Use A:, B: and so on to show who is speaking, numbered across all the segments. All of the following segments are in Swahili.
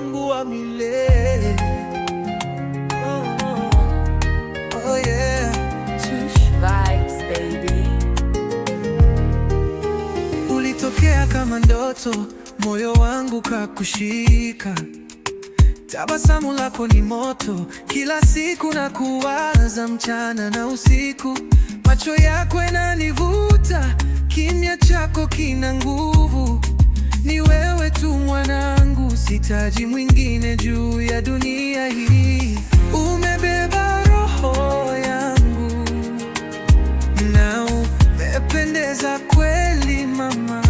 A: wangu wa milele oh, oh, oh yeah. Vibes, baby. Ulitokea kama ndoto, moyo wangu kakushika. Tabasamu lako ni moto, kila siku na kuwaza mchana na usiku. Macho yako yananivuta, kimya chako kina nguvu ni wewe tu mwanangu, sitaji mwingine juu ya dunia hii. Umebeba roho yangu na umependeza kweli mama.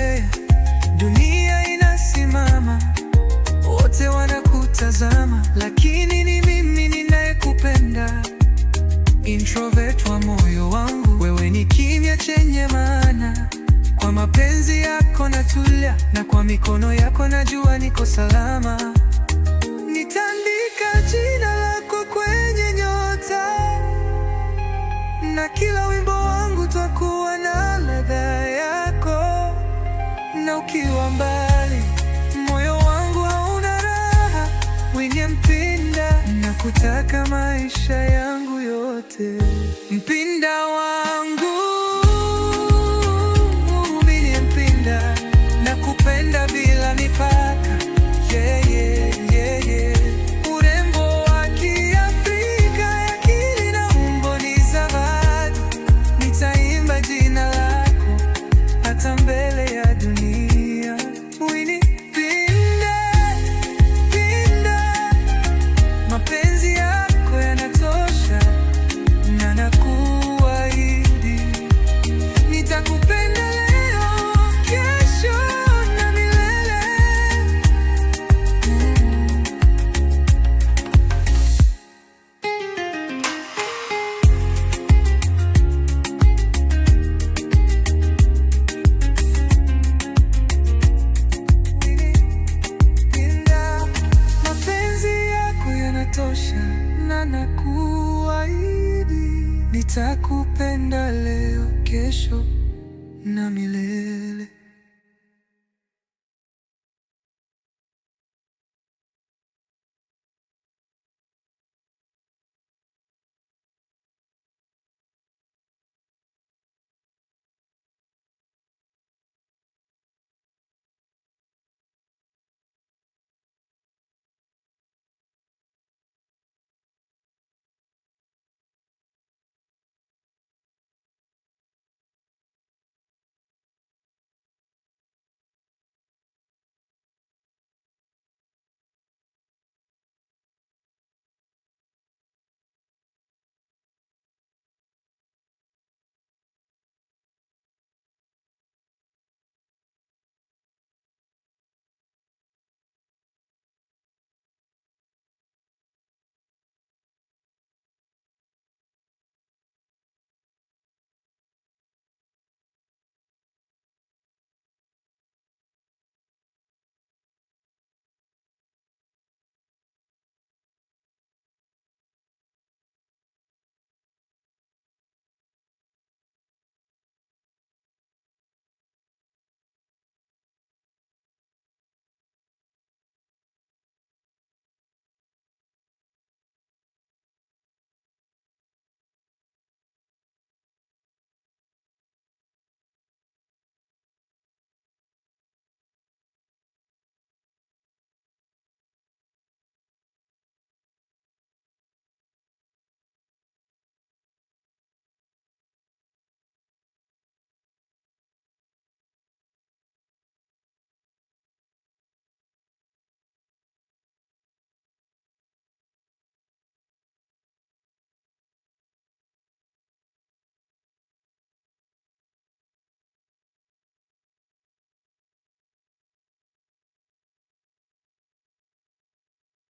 A: nimetulia, na kwa mikono yako najua niko salama. Nitandika jina lako kwenye nyota, na kila wimbo wangu twakuwa na ladha yako, na ukiwa mbali moyo wangu hauna raha, wenye Mpinda na kutaka maisha yangu yote Mpinda nitakupenda leo, kesho na milele.